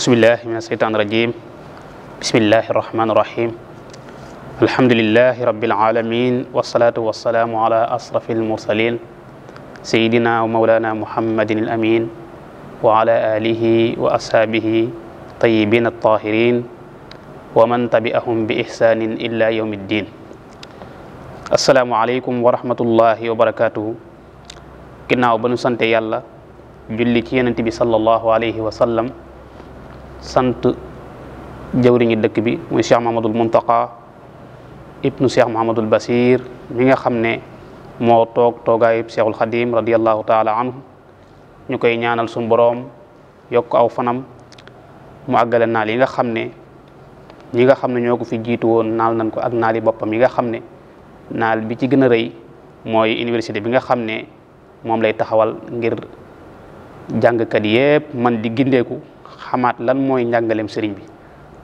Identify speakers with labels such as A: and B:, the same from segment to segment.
A: ausbillahi min asheytaan irajim bismillahi irrahmani irrahim alhamdulilahi rabilalamin wasalatu wasalaamu ala asrafi almursalin sayidina wa maulana muhammadin alamin wa ala alihi wa ashaabihi tayibin altahirin wa man tabi'ahum bi ihsanin ila yawmi ddin asalaamu aleykum wa rahmatullahi wa barakatuhu ginnaaw ba nu sante yàlla julli ci yonent bi sallallahu alayhi wa sallam sant jawriñu dëkk bi muy Cheikh Mahamadul Muntaqa ibnu Cheikh Mahamadul Basir mi nga xam ne moo toog toogaayub Cheikhul Xadim radiallahu taala anhu ñu koy ñaanal suñu boroom yokk aw fanam mu àggale naal yi nga xam ne ñi nga xam ne ñoo ko fi jiitu woon naal nañ ko ak naal boppam yi nga xam ne naal bi ci gën a rëy mooy université bi nga xam ne moom lay taxawal ngir jàngkat yépp man di gindeeku xamaat lan mooy njàngaleem sëriñ bi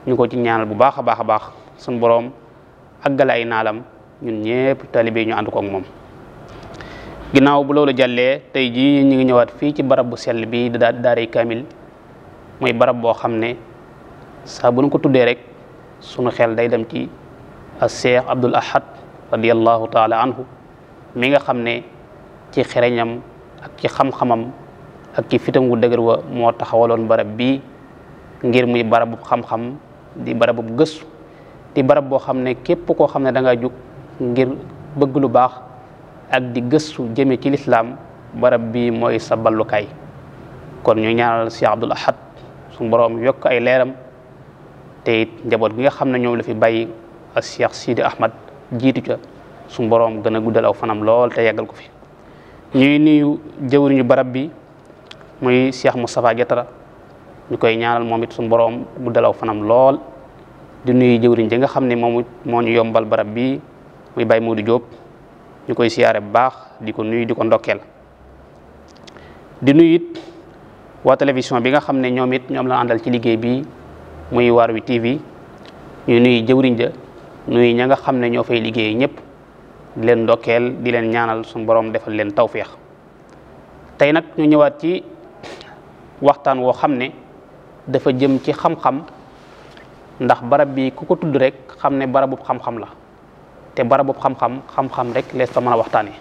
A: ñu ko ci ñaanal bu baax a baax a baax suñu boroom àggale ay naalam ñun ñëpp talibe ñu ànd ko moom. ginnaaw bu loolu jàllee tey jii ñu ngi ñëwaat fii ci barab bu sell bi da daaray kaamil mooy barab boo xam ne saa bu ko tuddee rek sunu xel day dem ci as Cheikh Abdoul Ahad radiyallahu taala anhu mi nga xam ne ci xereñam ak ci xam-xamam ak ci fitam wu dëgër wa moo taxawaloon barab bii ngir muy barab bu xam-xam di barab bu gëstu di barab boo xam ne képp koo xam ne danga ngaa jug ngir bëgg lu baax ak di gëstu jëme ci lislaam barab bi mooy sa ballukaay kon ñu ñaanal Cheikh Abdoul Ahad suñu boroom yokk ay leeram te it njaboot gi nga xam ne ñoom la fi bàyyi ak Cheikh Sidi Ahmad jiitu ca su boroom gën a guddal aw fanam lool te yàggal ko fi ñuy nuyu jëwriñu barab bi muy Cheikh Moustapha Diatara ñu koy ñaanal moom it suñu boroom guddalaw fanam lool di nuyu jëwriñ ji nga xam ne moom moo ñu yombal barab bi muy Baye Modou Diop ñu koy siyaare bu baax di ko nuyu di ko ndokkeel di nuyu it waa bi nga xam ne ñoom it ñoom la àndal ci liggéey bi muy waar wi TV ñu nuyu jëwriñ ja nuyu ña nga xam ne ñoo fay liggéey ñëpp di leen ndokkeel di leen ñaanal suñu boroom defal leen tawféex tey nag ñu ñëwaat ci waxtaan woo xam ne dafa jëm ci xam-xam ndax barab bi ku ko tudd rek xam ne barabub xam-xam la te barabub xam-xam xam-xam rek lees fa mën a waxtaanee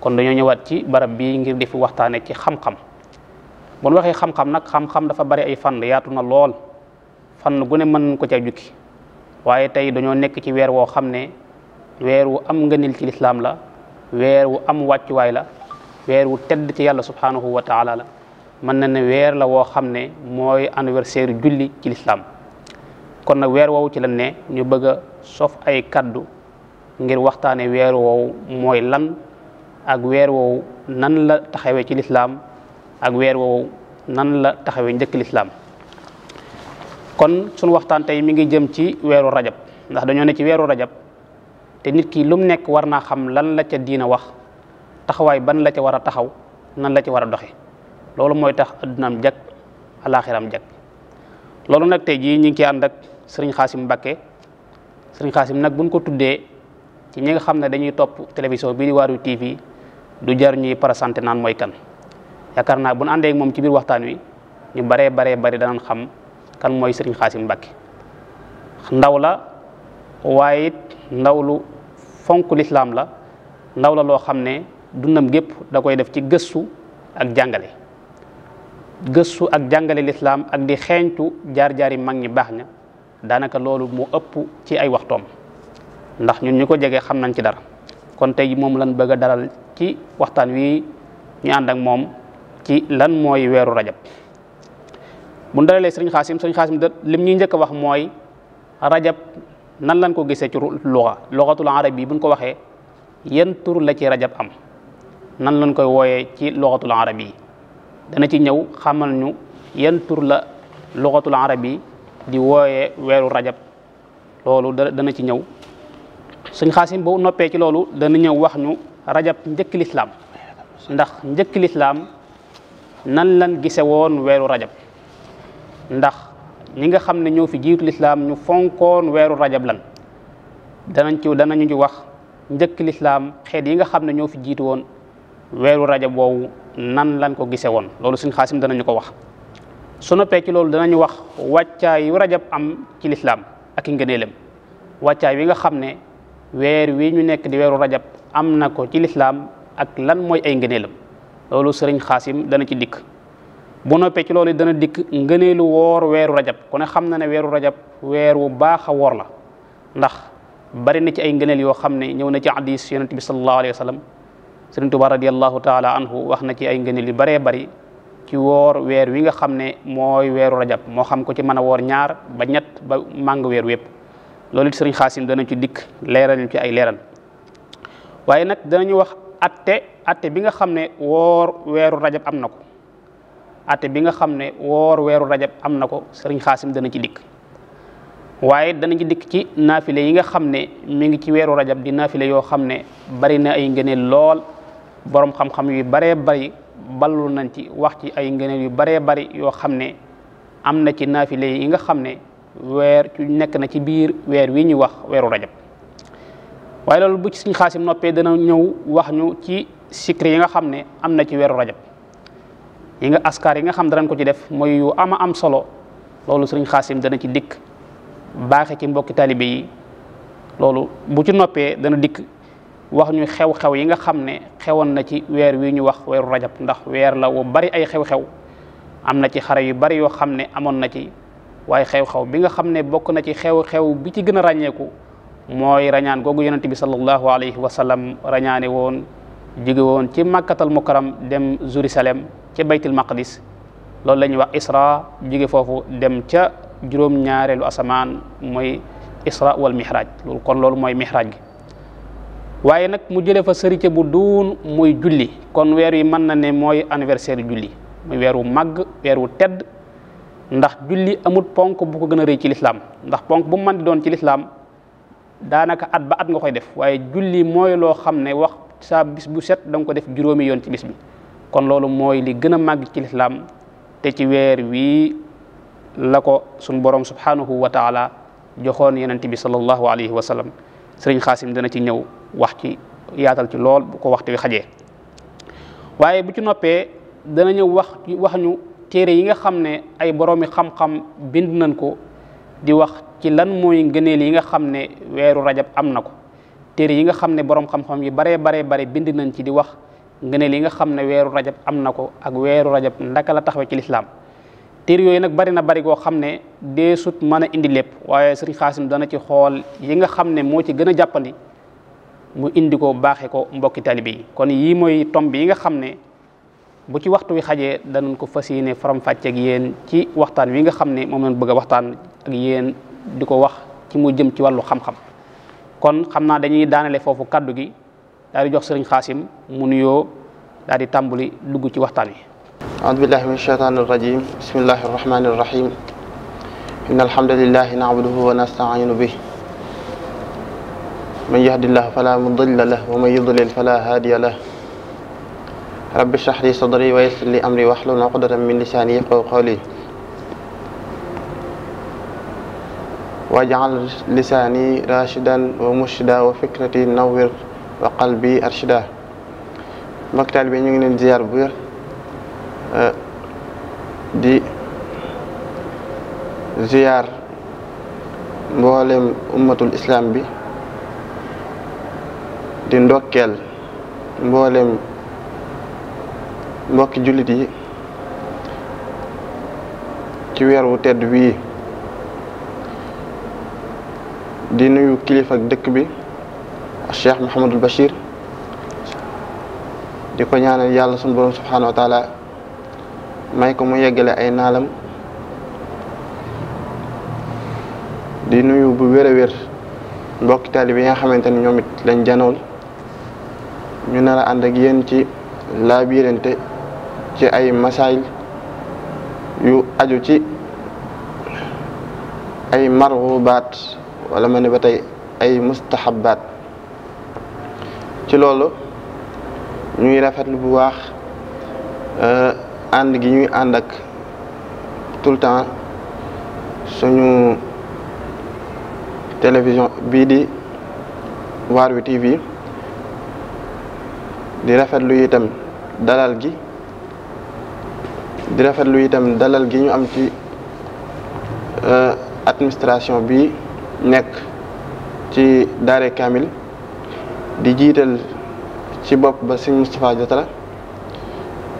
A: kon dañoo ñëwaat ci barab bi ngir defu fi waxtaanee ci xam-xam bu ñu waxee xam-xam nag xam-xam dafa bari ay fànn yaatu na lool fànn gu ne mën ko ca jukki waaye tey dañoo nekk ci weer woo xam ne weer wu am ngënil ci lislaam la weer wu am wàccuwaay la weer wu tedd ci yàlla subhanahu wa taala mën na ne weer la woo xam ne mooy anniversaire julli ci lislaam kon nag weer woowu ci lan ne ñu bëgg sof ay kaddu ngir waxtaane weer woowu mooy lan ak weer woowu nan la taxawee ci lislaam ak weer woowu nan la taxawee njëkk lislaam kon sunu waxtaan tey mi ngi jëm ci weeru rajab ndax dañoo ne ci weeru rajab te nit ki lu nekk war naa xam lan la ca diina wax taxawaay ban la ca war a taxaw nan la ci war a doxe loolu mooy tax addunaam jag alaxiraam jag loolu nag tey jii ñu ngi ciy ànd ak sëriñ Xaasim Mbakke sëriñ Xaasim nag buñ ko tuddee ci ñi nga xam ne dañuy topp télévision bii di Waarwi TV du jar ñuy présenté naan mooy kan yaakaar naa bu ñu àndee moom ci biir waxtaan wi ñu baree bare bari danañ xam kan mooy sëriñ Xaasim Mbakke ndaw la waaye it ndaw lu fonk lislaam la ndaw la loo xam ne dundam gépp da koy def ci gëstu ak jàngale gëstu ak jàngale lislaam ak di xeeñtu jaar-jaari mag ñi baax na daanaka loolu mu ëpp ci ay waxtoom ndax ñun ñu ko jege xam nañ ci dara kon tey moom lañ bëgg a dalal ci waxtaan wi ñu ànd ak moom ci lan mooy weeru rajab bu ñu dalalee sëriñ xaasim sëriñ xaasim da lim ñuy njëkk a wax mooy rajab nan lañ ko gisee ci luxa luxatul arab yi buñ ko waxee yan tur la ci rajab am nan lañ koy wooyee ci luxatul arab yi dana ci ñëw xamal ñu yan la luxatul arab yi di wooye weeru rajab loolu dana ci ñëw suñ xaasim boo noppee ci loolu dana ñëw wax ñu rajab njëkk lislaam ndax njëkk lislaam nan lan gise woon weeru rajab ndax ñi nga xam ne ñoo fi jiitu lislaam ñu fonkoon weeru rajab lan danañ ci danañu wax njëkk lislaam xeet yi nga xam ne ñoo fi jiitu woon weeru rajab woowu nan lan ko gise woon loolu suñ xaasim danañu ko wax su noppee ci loolu danañu wax wàccaay yu rajab am ci lislaam ak i ngëneelam wàccaay wi nga xam ne weer wi ñu nekk di weeru rajab am na ko ci lislaam ak lan mooy ay ngëneelam loolu sëriñ xaasim dana ci dikk boo noppee ci loolu dana dikk ngëneelu woor weeru rajab ku ne xam na ne weeru rajab weer wu baax a woor la ndax bari na ci ay ngëneel yoo xam ne ñëw na ci hadis yonent bi sallallahu alayhi wa sallam sëriñ Tuubaa radiyallahu taala anhu wax na ci ay ngëneel yu baree bari ci woor weer wi nga xam ne mooy weeru rajab moo xam ko ci mën a woor ñaar ba ñett ba màng weer wépp loolu it sëriñ dana ci dikk leeral ñu ci ay leeral waaye nag danañu wax atte atte bi nga xam ne woor weeru rajab am na ko atte bi nga xam ne woor weeru rajab am na ko sëriñ dana ci dikk waaye danañ ci dikk ci naafile yi nga xam ne mi ngi ci weeru rajab di naafile yoo xam ne bari na ay ngëneel lool boroom xam-xam yu baree bari ballu nañ ci wax ci ay ngëneel yu baree bari yoo xam ne am na ci naafile yi nga xam ne weer ci nekk na ci biir weer wi ñu wax weeru rajab waaye loolu ci suñ xaasim noppee dana ñëw wax ñu ci sikri yi nga xam ne am na ci weeru rajab yi nga askar yi nga xam danañ ko ci def mooy yu ama am solo loolu suñ xaasim dana ci dikk baaxe ci mbokki taalibe yi loolu bu ci noppee dana dikk wax ñu xew-xew yi nga xam ne xewoon na ci weer wi ñu wax weeru rajab ndax weer la wu bari ay xew-xew am na ci xare yu bari yoo xam ne amoon na ci waaye xew-xew bi nga xam ne bokk na ci xew-xew bi ci gën a ràññeeku mooy rañaan googu yonente bi sallallahu alayhi wa sallam rañaane woon jóge woon ci màkkatal mukaram dem Jérusalem ca baytul maqdis loolu la ñuy wax isra jóge foofu dem ca juróom-ñaareelu asamaan mooy isra wal mihraj loolu kon loolu mooy mihraj gi waaye nag mu jëlee fa sërite bu duun muy julli kon weer yi mën na ne mooy anniversaire julli muy weer wu màgg weer wu tedd ndax julli amut ponk bu ko gën a rëy ci lislaam ndax ponk bu mën di doon ci lislaam daanaka at ba at nga koy def waaye julli mooy loo xam ne wax saa bis bu set da nga ko def juróomi yoon ci bis bi kon loolu mooy li gën a màgg ci lislaam te ci weer wi la ko suñ borom subhanahu wa taala joxoon yeneen bi sallallahu alayhi wa sallam sëriñ xaasim dana ci ñëw wax ci yaatal ci lool bu ko waxtu wi xajee waaye bu ci noppee dana ñëw wax wax ñu téere yi nga xam ne ay boroomi xam bind nañ ko di wax ci lan mooy ngëneel yi nga xam ne weeru rajab am na ko téere yi nga xam ne boroom xam-xam yi baree baree bare bind nañ ci di wax ngëneel yi nga xam ne weeru rajab am na ko ak weeru rajab ndaka la taxawe ci lislaam téere yooyu nag bari na bari goo xam ne dee sut mën a indi lépp waaye sëriñ Xaasim dana ci xool yi nga xam ne moo ci gën a jàppandi mu indi ko baaxe ko mbokki bi kon yii mooy tomb yi nga xam ne bu ci waxtu wi xajee danañ ko fas yéene faram-fàcce ak yéen ci waxtaan wi nga xam ne moom lañ bëgg a waxtaan ak yéen di ko wax ci mu jëm ci wàllu xam-xam kon xam naa dañuy daanale foofu kàddu gi daal jox sëriñ xaasim mu nuyoo daal di tàmbali dugg ci waxtaan wi aoudu billahi min asheytaani irrajim bismillahi arrahmani irrahim inna alhamdulilahi
B: nahmaduhu wa nastaiinu bi من يهد الله فلا مضل له ومن يضلل فلا هادي له رب اشرح لي صدري ويسر لي أمري واحلل عقدة من لساني يفقهوا قولي واجعل لساني راشدا ومرشدا وفكرتي نور وقلبي أرشدا mbokk taal bi ñu ngi leen ziar bu wér di ziar mboolem ummatul islam bi di ndokkeel mboolem mbokki jullit yi ci weer wu tedd wii di nuyu kilifa ak dëkk bi Cheikh Mouhamadul Bachir di ko ñaanal yàlla sunu borom subhaanahu wa may ko mu yeggale ay naalam di nuyu bu wér a wér mbokki taalibe yi nga xamante ni ñoom it lañ janool ñu nar a ànd yéen ci laabirante ci ay masail yu aju ci ay baat wala ma ne ba tey ay baat ci loolu ñuy rafetlu bu baax eh, ànd gi ñuy ànd ak tout le temps suñu télévision bii di waar wi TV di rafetlu itam dalal gi di rafetlu itam dalal gi ñu am ci euh, administration bi nekk ci daare Kamil di jiital ci bopp ba sëñ Moustapha Diatara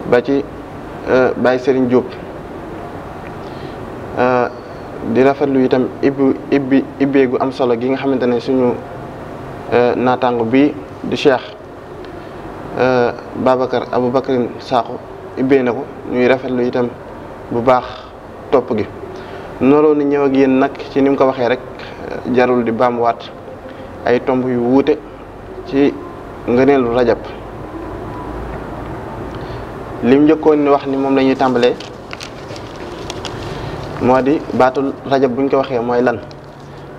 B: ba ci euh, Baye Serigne Diop euh, di rafetlu itam ibbi ibbi ibbeegu am solo gi nga xamante ne suñu naataango bi du Cheikh Euh, Babacar Aboubacarine Sakho ubbee na ko ñuy rafet lu itam bu baax topp gi noroo ni ñëw ak yéen nag ci ni ko waxee rek euh, jarul di baamuwaat ay tomb yu wuute ci ngëneelu rajab lim njëkkoon ni wax ni moom lañuy ñuy tàmbalee moo di baatul rajab buñ ko waxee mooy lan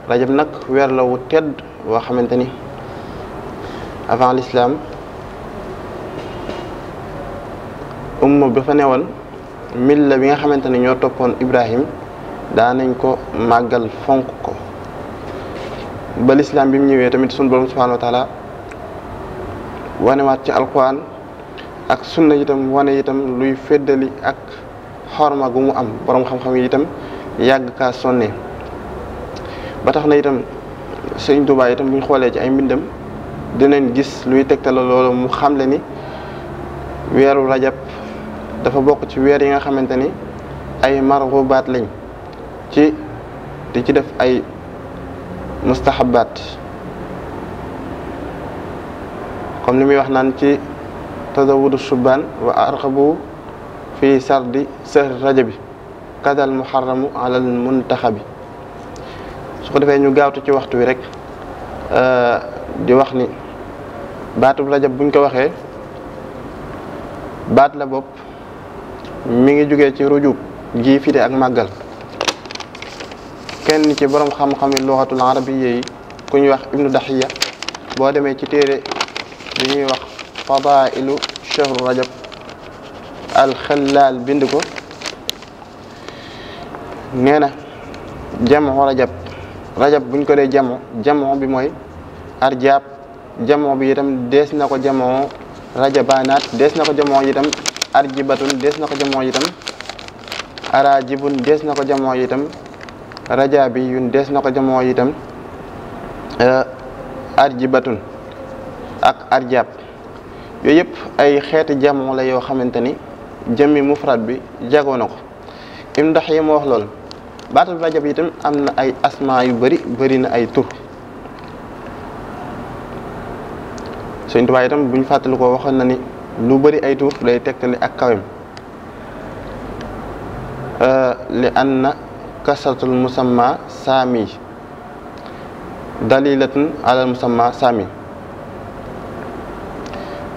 B: rajab nag weer la wu tedd woo xamante ni avant lislaam umma ba fa newoon milla bi nga xamante ne ñoo toppoon Ibrahim daanañ ko màggal fonk ko ba lislaam bi mu ñëwee tamit suñ borom subhaanahu wa taala wanewaat ci alquran ak sunna itam wane itam luy feddali ak xorma gu mu am borom xam-xam yi itam yàgg kaa sonne ba tax na itam sëñ Tuubaa itam bu ñu xoolee ci ay mbindam dinañ gis luy tegtala loolu mu xamle ni weeru rajab dafa bokk ci weer yi nga xamante ni ay baat lañ ci di ci def ay mustahabaat comme li muy wax naan ci tazawudu subaan wa arqabu fi sardi sahri rajabi kadal muharramu alal muntaxabi su ko defee ñu gaawtu ci waxtu wi rek eh, di wax ni baatub rajab buñ ko waxee baat la bopp mi ngi jógee ci rujub gii firi ak màggal kenn ci boroom xam-xam yi luxatul arabiyya yi ku ñuy wax ibnu daxiya boo demee ci téere bi ñuy wax fadailu chehru rajab alxalaal bind ko nee na jamoo rajab rajab buñ ko dee jamoo jamoo bi mooy arjaab jamoo bi itam dees na ko jamoo rajabaanaat des na ko jamoo itam arjibatun dees na ko jamoo itam arajibun dees na ko jamoo itam rajabiyun des na ko jamoo itam eh, arjibatun ak arjab yooyu yëpp ay xeeti jamoo la yoo xamante ni jëmmi mufrad bi jagoo na ko im ndax yi ma wax lool baatal rajab itam am na ay asma yu bari bari na ay tur Sëñ Tuubaa itam buñ fàttali ko waxoon na ni lu bari ay tuur day tegtale ak kawem euh, li anna kasratul musamma saami dalilatun alal musamma saami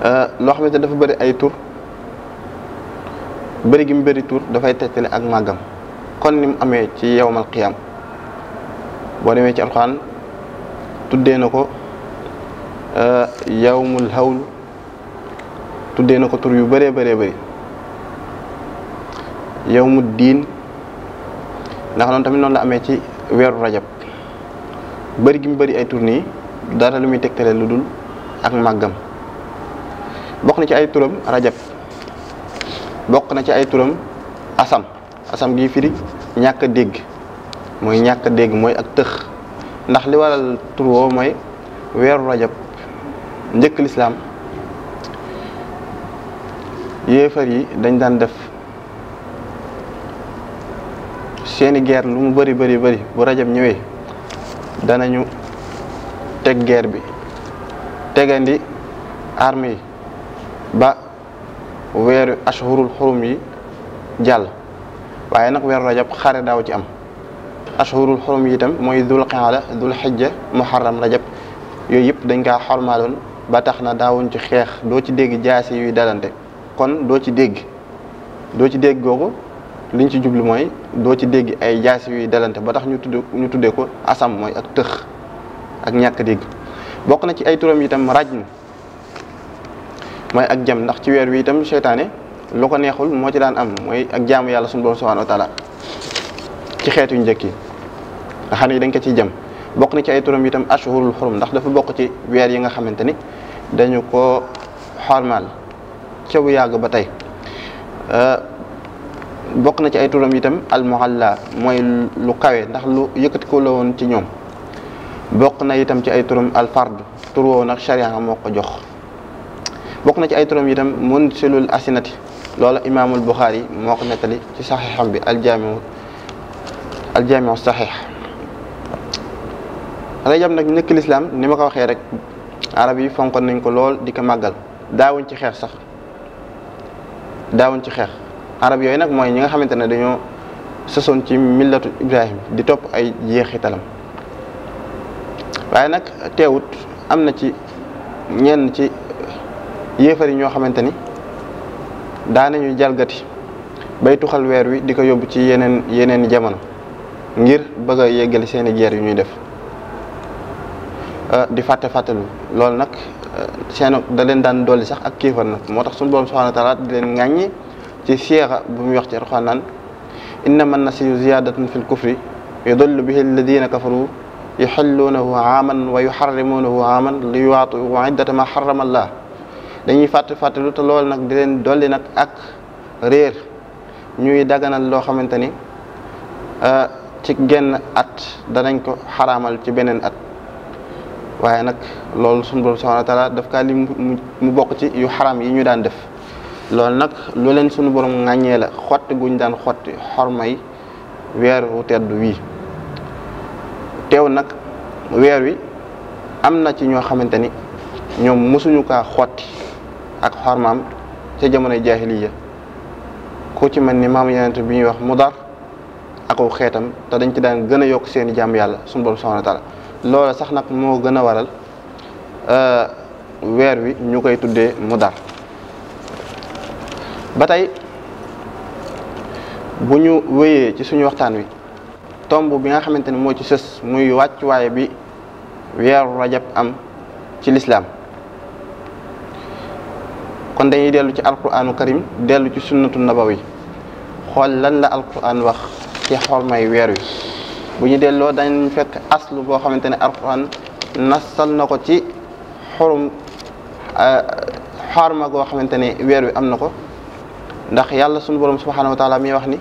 B: euh, loo xamante dafa bari ay tur bëri gi mu bari tur dafay tegtale ak màggam kon ni mu amee ci yowmal qiyaam boo demee ci alxuraan tuddee na ko euh, yowmul hawl tuddee na ko tur yu bëree bëree bëri yow mu diin ndax noonu tamit noonu la amee ci weeru rajab bëri gi mu bëri ay turni nii lu muy tegtale lu dul ak màggam bokk na ci ay turam rajab bokk na ci ay turam asam asam gi firig ñàkk dégg mooy ñàkk dégg mooy ak tëx ndax li waral tur woo mooy weeru rajab njëkk lislaam yéefar yi dañ daan def seeni guerre lu mu bari bari bëri bu rajab ñëwee danañu teg guerre bi tegandi armes ba weeru ashhurul xorom yi jàll waaye nag weeru rajab xare daaw ci am ashhurul xorom yi itam mooy dul qaada dul xijja muharram rajab yooyu yëpp dañ kaa xormaaloon ba tax na daawuñ ci xeex doo ci dégg jaasi yuy dalante kon doo ci dégg doo ci dégg googu liñ ci jublu mooy doo ci dégg ay jaas yuy dalante ba tax ñu tudd ñu tuddee ko asam mooy ak tëx ak ñàkk dégg bokk na ci ay turam itam rajmu mooy ak jam ndax ci weer wi itam seytaane lu ko neexul moo ci am mooy ak jaamu yàlla suñu borom subhanahu wa taala ci xeetu njëkk yi nga xam ne dañ ko ciy jëm bokk na ci ay turam itam ashhurul xurum ndax dafa bokk ci weer yi nga xamante ni dañu ko xormaal ca bu yàgg ba tey euh, bokk na ci ay turam itam almuhalla mooy lu kawe ndax lu yëkkati woon ci ñoom bokk na itam ci ay turam alfard tur woowu nag sharia moo ko jox bokk na ci ay turam itam munsilul asinati loola imaamul buxaari moo ko nettali ci saxiixam bi aljaamiu aljaamiu saxiix rajab nag nekk lislaam ni ma ko waxee rek arab yi fonkoon nañ ko lool di ko màggal daawuñ ci xeex sax daawuñ ci xeex arab yooyu nag mooy ñi nga xamante ne dañoo sosoon ci millatu Ibrahim di topp ay jeexitalam waaye nag teewut am na ci ñenn ci yéefar yi ñoo xamante ni daa daanañu jalgati bay tuxal weer wi di ko yóbbu ci yeneen yeneen jamono ngir bëgg a yeggali seeni guerre yu ñuy def ah, di fàtte fàttelu loolu nag seen euh, da leen daan dolli sax ak kéefar nag moo tax suñu borom subhaanahu wa taala di leen ŋàññi ci seexa bu muy wax ci Alxuraan naan innama nasiyu ziyadatun fi l kufri yudillu bihi alladina kafaru yuxilluunahu aaman wa yuxarrimuunahu aaman li yuwaatiu iddata ma xarama allah dañuy fàtte fàtte lu te loolu nag di leen dolli nag ak réer ñuy daganal loo xamante ni euh, ci genn at danañ ko xaraamal ci beneen at waaye nag loolu suñu borom subhanahu wa taala daf kaa lim mu bokk ci yu xaram yi ñu daan def loolu nag lu leen suñu boroom ŋàññee la xotti guñ daan xotti xormay weer wu tedd wii teew nag weer wi am na ci ñoo xamante ni ñoom mësuñu kaa xotti ak xormaam ca jamonoy jaahiliya ku ci mel ni maam yonent bi ñuy wax mu mudar aku xeetam te dañ ci daan gën a yokk seeni jàmm yàlla suñu borom subhanahu wa loola sax nag moo gën a waral euh, weer wi ñu koy tuddee mu mudar ba tey bu ñu wéyee ci suñu waxtaan wi tomb bi nga xamante ni moo ci sës muy wàccuwaay bi weeru rajab am ci lislaam kon dañuy dellu ci alquraanu karim dellu ci sunnatu nabawi xool lan la alquraan wax ci xormay weer wi bu ñu delloo dañ fekk aslu boo xamante ne alquran nasal na ko ci xurum euh, xarma goo xamante ne weer wi am na ko ndax yàlla sunu borom subhanahu wa wax ni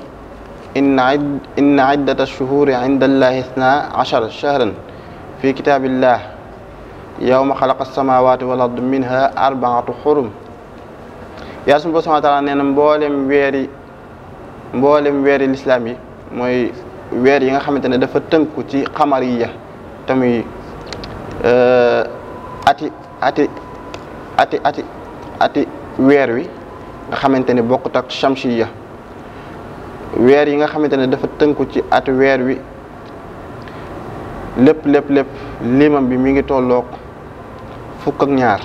B: inna inna iddata shuhuri inda allahi isna achara shahran fi kitabillah yawma xalaqa samawati wal ard minha arbaatu xurum yàlla sunu borom subhanahu wa taala nee na mboolem weeri mboolem weeri lislaam mooy weer yi nga xamante ne dafa tënku ci xamariya tamuy euh, ati ati ati ati ati weer wi nga xamante ni bokkut ak shamsiya weer yi nga xamante ne dafa tënku ci at weer wi lépp lépp lépp bi mi ngi tollook fukk ak ñaar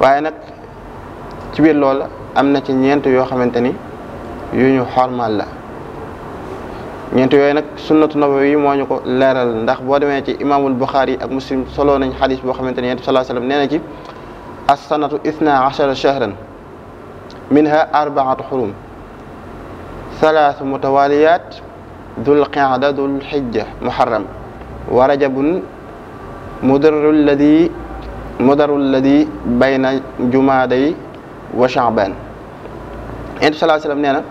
B: waaye nag ci biir lool am na ci ñeent yoo xamante ni yu ñu xormal la ñeent yooyu nag sunnatu nabawi moo ñu ko leeral ndax boo demee ci imaamul buxaari ak muslim soloo nañ xadis boo xamante ne yonent bi salaa sallam nee na ci assanatu ithna achara shahran minha arbaatu xurum thalaath mutawaliyat dul qaada dul xijja muharram wa rajabun mudaru lladi bayna jumaaday wa chaban yonent bi salaa sallam nee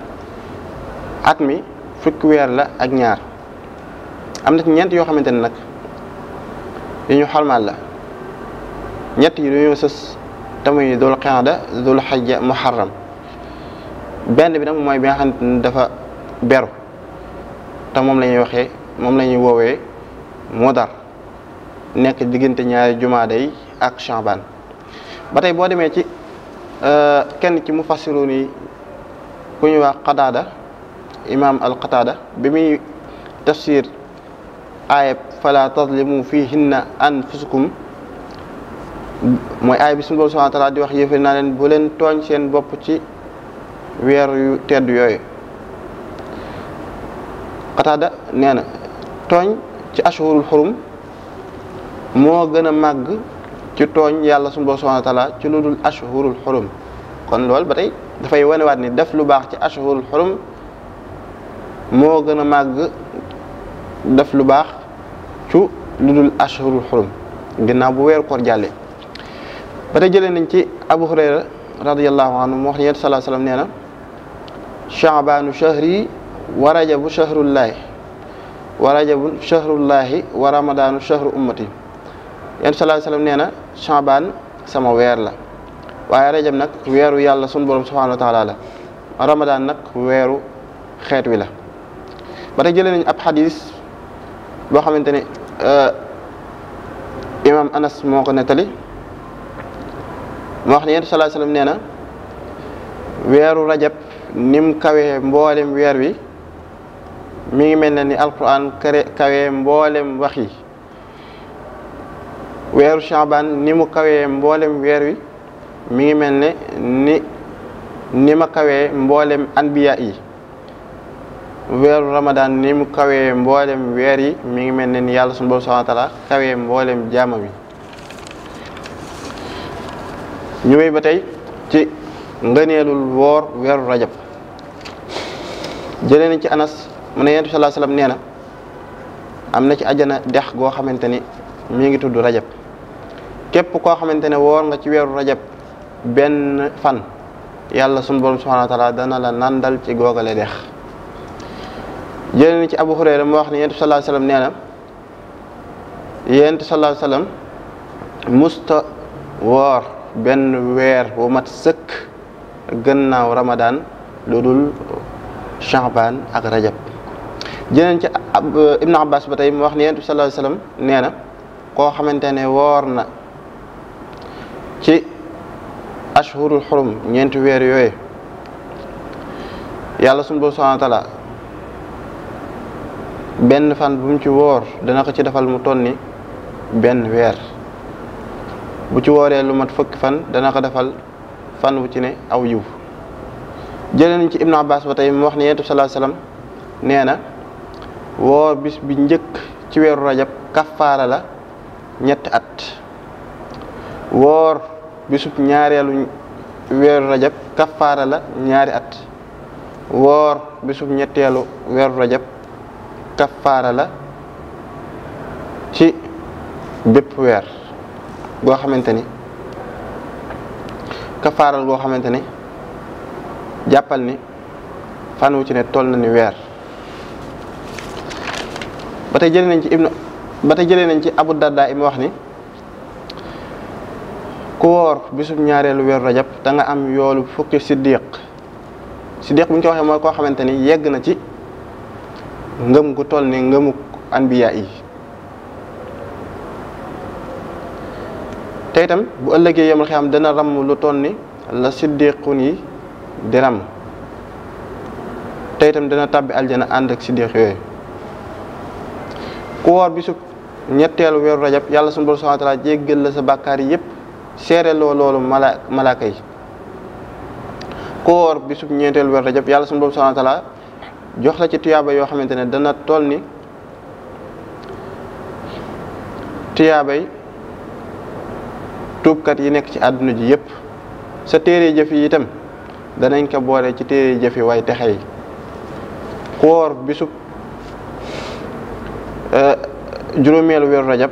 B: at mi fukki weer la ak ñaar am na ci ñeent yoo xamante ne nag yu ñu xalmaal la ñett yi dañoo sës te muy dul qaada dul xajja muharram benn bi nag mooy bi nga xamante ne dafa beru te moom lañuy waxee moom lañuy ñuy moo mudar nekk diggante ñaari jumaada yi ak Shaaban ba tey boo demee ci euh, kenn ci mufassiruun yi ku ñuy wax qadaada imaam alqataada bi muy tafsir aayab fala tazlimu fihinna anfusukum mooy aay bi suñu borom subhaana taala di wax yëfër naa leen bu leen tooñ seen bopp ci weer yu tedd yooyu qataada nee na tooñ ci ashhurul xurum moo gën a màgg ci tooñ yàlla suñu borom subhaana ci lu dul ashhurul xurum kon loolu ba tey dafay wanewaat ni def lu baax ci ashhurul xurum moo gën a màgg def lu baax ci lu dul ashhurul xurum ginnaaw bu weeru koor jàllee ba tey jëlee nañ ci abu hurayra radiyallahu anhu moo wax ne yent salaa salaam nee na chaabaanu chahri wa rajabu chahrullaahi wa rajabu chahrullaahi wa ramadaanu chahru ummati yent salaa nee na chaabaan sama weer la waaye rajab nag weeru yàlla sunu borom subhaanahu wa taala ramadaan nag weeru xeet wi la ba tey jëlee nañ ab xadiis boo xamante ne euh, imaam Anas moo ko nettali moo wax ne yonent sallallahu alayhi wasallam nee na weeru rajab nim kawee mboolem weer wi mu ngi mel ne ni alquran kare kawee mboolem wax yi weeru chaban ni mu kawee mboolem weer wi mi ngi mel ne ni ni ma kawee mboolem anbiya yi weeru ramadaan ni mu kawee mboolem weer yi mi ngi mel ne ni yàlla suñu borom subhaanahu wa kawee mboolem jaamam yi ñu wéy ba tey ci ngëneelul woor weeru rajab jëlee nañ ci anas mu ne yentu sallallahu alayhi wasallam nee na am na ci ajana dex goo xamante ni mi ngi tudd rajab képp koo xamante ne woor nga ci weeru rajab benn fan yàlla suñu borom subhaanahu dana la nandal ci googale dex jëlee ci Abu Hurayra moo wax ne yonent bi sallallahu alayhi wasallam nee na yonent bi sallallahu alayhi wasallam musta woor benn weer bu mat sëkk gannaaw Ramadan lu dul ak Rajab jëleen ci Ibn Abbas ba tey mu wax ni yonent bi sallallahu alayhi wasallam nee na koo xamante ne woor na ci ashhurul xurum ñeent weer yooyu yàlla sunu Boroom subhaanahu benn fan bu mu ci woor dana ko ci defal mu ni benn weer bu ci wooree lu mat fukki fan dana ko defal fan wu ci ne aw yiw jëlee nañ ci Ibnu Abbas ba tey mu wax ne Yonent bi sallallahu nee na woor bis bi njëkk ci weeru rajab kafaara la ñetti at woor bisub ñaareelu weeru rajab kafaara la ñaari at woor bisub ñetteelu weeru rajab kaffaara la ci bépp weer goo xamante ni kaffaaral goo xamante ni jàppal ni fan wu ci ne toll na ni weer ba tey jëlee nañ ci ibnu ba tey jëlee nañ ci abu darda im wax ni ku woor bisub ñaareelu weer rajab da nga am yoolu fukki siddiq siddiq bu ñu ko waxee mooy koo xamante ni yegg na ci ngëm gu toll ni ngëmuk anbiya yi te tam bu ëllëgee yemul xam dana ram lu toll ni la siddiqun yi di ram te itam dana tàbbi aljana ànd ak siddiq yooyu ku woor bisu ñetteelu weeru rajab yàlla sunu borom subhaanahu wa taala la sa bàkkaar yi yëpp seere loo loolu mala malaaka yi ku woor bisu ñeenteelu weeru rajab yàlla sunu borom subhaanahu jox la ci tuyaaba yoo xamante ne dana toll ni tuyaabay tuubkat yi nekk ci àdduna ji yépp sa téere jëf yi itam danañ ko boole ci téere jëf yi way texe yi koor bisub e, juróomeelu weeru rajab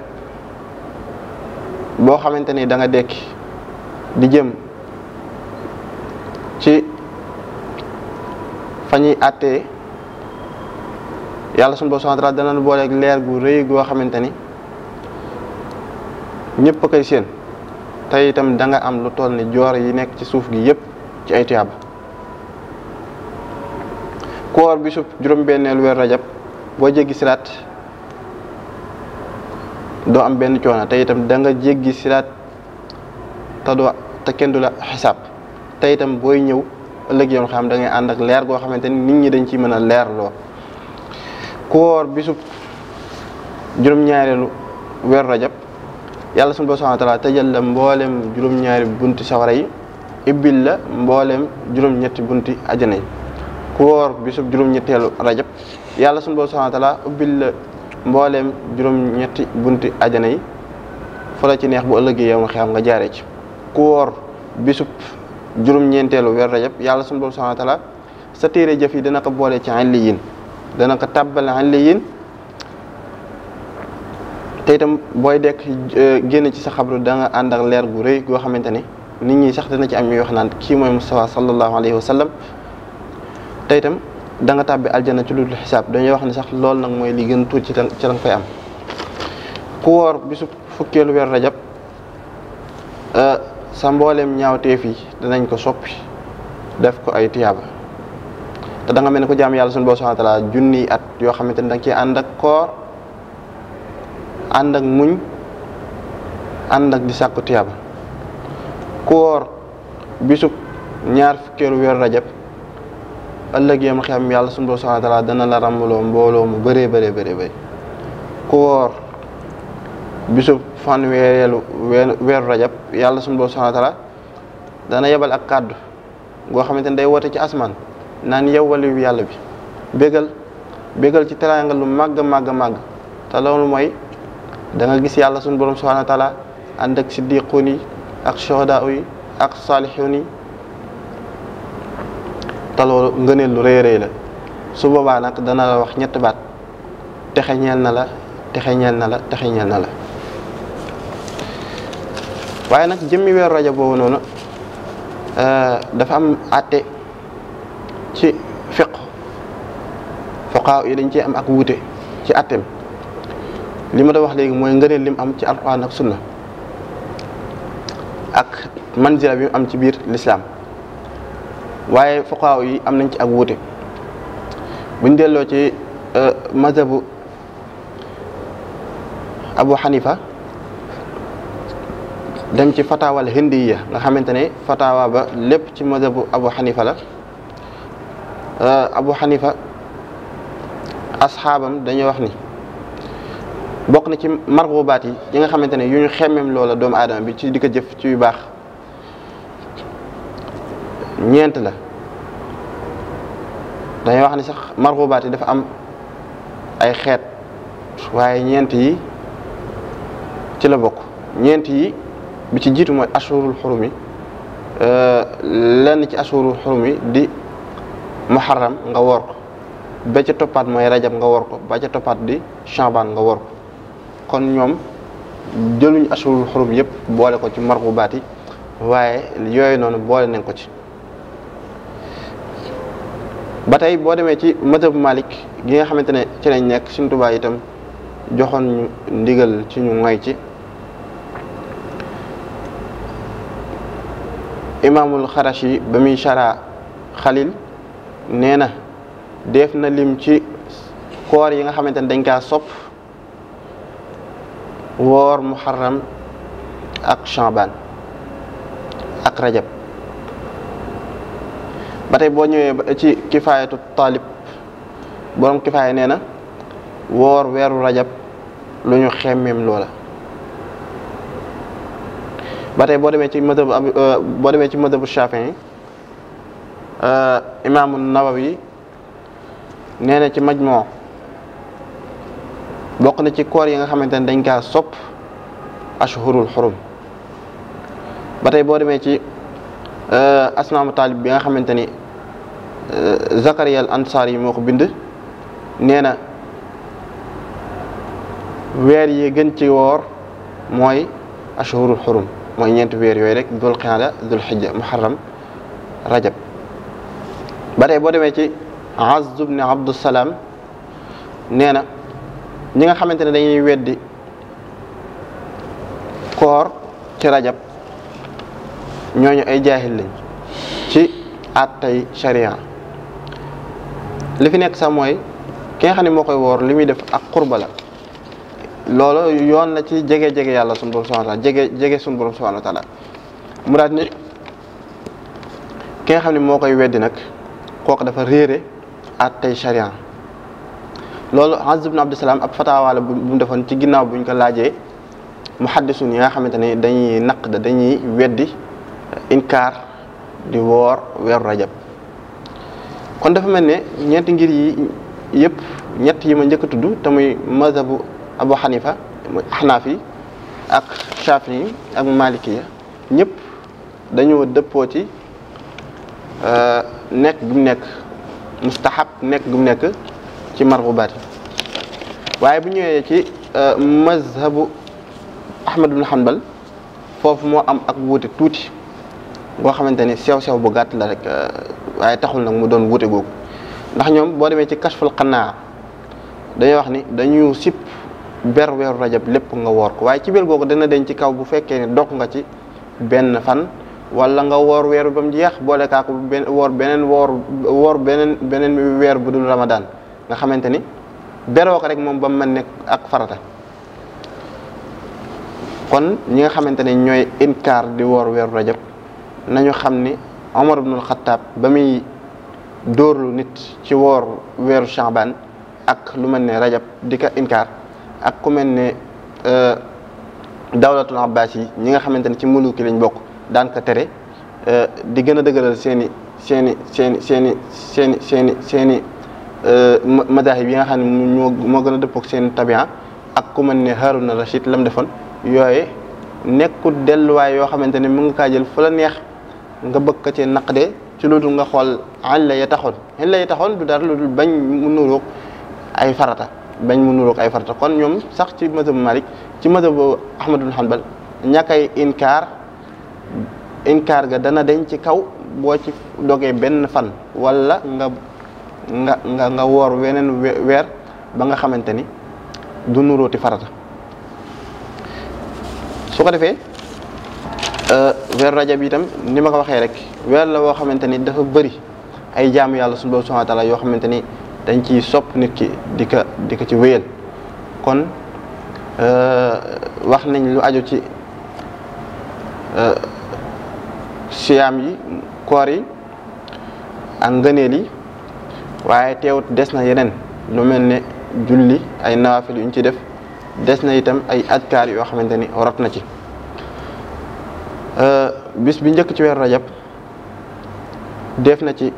B: boo xamante ni da nga dekki di jëm ci fa ñuy àttee yàlla suñu bopp subhaanahu wa taala danañ booleeg leer gu rëy goo xamante ni ñëpp koy seen tey itam danga am lu toll ni joor yi nekk ci suuf gi yëpp ci ay tuyaaba koor bi sub juróom-benneelu weer rajab boo jéggi siraat doo am benn coono te itam da nga siraat te doo te kenn du la xisaab te itam booy ñëw ëllëg yoon xam da ngay ànd ak leer goo xamante ni nit ñi dañ ciy mën a leerloo ku woor bisub juróom-ñaareelu weeru rajab yàlla sunu borom subhaanahu wa taala tëjal la mboolem juróom-ñaari bunti sawara yi ibbil la mboolem juróom-ñetti bunti ajana yi ku woor bisub yàlla sunu borom ubbil la mbooleem juróom-ñetti bunti ajana yi fa la ci neex bu ëllëgee yow ma xam nga jaaree ci ku woor bisub juróom-ñeenteelu weer rajab yàlla sunu borom subhaanahu wa sa téere jëf yi dana ko boole ci ay liyin dana ko tàbbal aliyin tey itam booy dekk eh, génn ci sa xabru da nga ànd ak leer gu rëy goo xamante ne nit ñi sax dana ci am ñuy wax naan kii mooy Moustapha sallallahu alayhi wa sallam te itam da nga tàbbi aljana ci lu dul xisaab dañuy wax ne sax loolu nag mooy li gën tuuti ci ci la nga fay am ku woor bisu fukkeelu weer rajab eh, sa mbooleem ñaawteef yi danañ ko soppi def ko ay tiyaaba te danga nga mel ne ko jaam yàlla suñu boo subhaanahu wa taala junniy at yoo xamante ne da nga ciy ànd ak koor ànd ak muñ ànd ak di sàkku tiyaaba koor bisub ñaar fukkeelu weeru rajab ëllëg yam xam yàlla suñu boo subhaanahu wa taala mbooloo mu bëree bëree bëree bëri koor bisub fanweereelu weeru yàlla suñu boo subhaanahu wa dana yebal ak kàddu goo xamante ni day woote ci asmaan naan yow waliyu yàlla bi bégal bégal ci teraanga lu màgg màgg màgg te mooy da nga gis yàlla suñu borom subhaanahu wa taala ànd ak siddiquun ak shuhadaa yi ak saalihuun yi te loolu lu rëy rëy la su boobaa nag dana la wax ñetti baat texe ñeel na la texe ñeel na la texe na la waaye nag jëmmi weeru rajo boobu noonu euh, dafa am àtte ci fiq foqaaw yi dañ cee am ak wuute ci attem li ma da wax léegi mooy ngëneel lim am ci alquran ak sunna ak manzila bi am ci biir lislaam waaye foqaaw yi am nañ ci ak wuute buñ delloo ci euh, mazhabu abu xanifa dem ci fatawal hindiya nga xamante ne fatawa ba lépp ci mazhabu abu xanifa la Euh, Abu Xanifa asxaabam dañuy wax ni bokk na ci marxubaat yi yi nga xamante ne yu ñu xemmeem loola doomu aadama bi ci di ko jëf ci yu baax ñeent la dañuy wax ni sax baat yi dafa am ay xeet waaye ñeent yi ci la bokk ñeent yi bi ci jiitu mooy asuurul xurum yi euh, lenn ci asuurul xurum yi muharram nga woor ko ba ca toppaat mooy rajab nga woor ko ba ca toppaat di shambaan nga woor ko kon ñoom jëluñu asurul xurum yëpp boole ko ci margu baati waaye yooyu noonu boole nañ ko ci ba tey boo demee ci mazhab Malik gi nga xamante ne ci lañ nekk Sëriñ Tuubaa itam joxoon ñu ndigal ci ñu ngoy ci imaamul Xarashi ba muy chara Xalil nee na def na lim ci koor yi nga xamante ne dañ kaa sopp woor muharram ak chamban ak rajab ba tey boo ñëwee ci kifaayatu taalib borom kifaaya nee na woor weeru rajab lu ñu xemmem loola ba tey boo demee ci madhab euh, boo demee ci madhabu yi Euh, imaamu Nawawi nee na ci majmoo bokk na ci koor yi nga xamante ne dañ kaa sopp ashhurul xurum ba tey boo demee ci euh, asnaamu taalib bi nga xamante ni euh, Zakaria al Ansaar yi moo ko bind nee na weer yi gën ci woor mooy ashhurul xurum mooy ñeenti weer yooyu rek dul qaada dul xijja muharram rajab ba boo demee ci Azz ibn Abdusalaam nee na ñi nga xamante ne dañuy weddi koor ci rajab ñooñu ay jaahil lañ ci attay sharia li fi nekk sax mooy ki nga xam ne moo koy woor li muy def ak xurba la loolu yoon la ci jege jege yàlla sunu borom subhanahu wa taala jege jege sunu borom subhanahu ki nga xam ne moo koy weddi nag kooku dafa réere at tey sharia loolu Aziz ibn Abdusalaam ab fataawaale bu mu defoon ci ginnaaw buñ ko laajee muhaddisuun yi nga xamante ne dañuy naq da dañuy weddi inkaar di woor weeru rajab kon dafa mel ne ñeenti ngir yi yëpp ñett yi ma njëkk a tudd te muy mazhabu abu xanifa ak shaafi ak malikiya ñëpp dañoo dëppoo ci euh, nekk gum nekk mustahab nekk gum nekk ci marxubaat yi waaye bu ñëwee ci euh, mazhabu Ahmad ibn Hanbal foofu moo am ak wuute tuuti boo xamante ni sew sew bu gàtt la rek euh, waaye taxul nag mu doon wuute googu ndax ñoom boo demee ci kashful qanaa dañuy wax ni dañu sip ber weeru rajab lépp nga woor ko waaye ci biir googu dana den ci kaw bu fekkee ni dog nga ci benn fan wala nga woor weer ba mu jeex boole kaaku benn woor beneen woor woor beneen beneen weer bu dul ramadaan nga xamante ni beroo ko rek moom ba mu mën nekk ak farata kon ñi nga xamante ne ñooy inkaar di woor weeru rajab nañu xam ni Omar ibnul Xattaab ba muy dóorlu nit ci woor weeru Shaaban ak lu mel ni rajab di ko inkaar ak ku mel ne euh, dawlatul abbas yi ñi nga xamante ne ci ki lañ bokk daan ko tere euh, di gën a dëgëral seeni seeni seen i seen i seen i seen i seen i seen euh, i nga xam ne ñoo moo gën a dëppoog seen tabian ak ku mel ne lam defoon yooye nekkul delluwaay yoo xamante ne mën nga kaa jël fu la neex nga bëgg ko cee de ci lu dul nga xool an la ya taxoon an la ya taxoon du dara lu dul bañ mu nuroog ay farata bañ mu nuroog ay farata kon ñoom sax ci mazhab Malik ci mazhab Ahmad ibn Hanbal ñàkkay inkaar ga dana deñ ci kaw boo ci dogee benn fan wala nga nga nga nga woor weneen weer ba nga xamante ni du nuróoti farata su ko defee euh, weeru rajab itam ni ma ko waxee rek weer la woo xamante ni dafa bëri ay jaamu yàlla suñu boroom subhaanahu wa taala yoo xamante ni dañ ciy sopp nit ki di ko di ko ci wéyal kon euh, wax nañ lu ajo ci euh, siyaam yi koor yi ak ngëneel yi waaye teewut des na yeneen lu mel ne julli ay nawaafil yu ñu ci def des na itam ay adkaar yoo xamante ni rot na ci euh, bis bi njëkk ci weeru rajab def na ci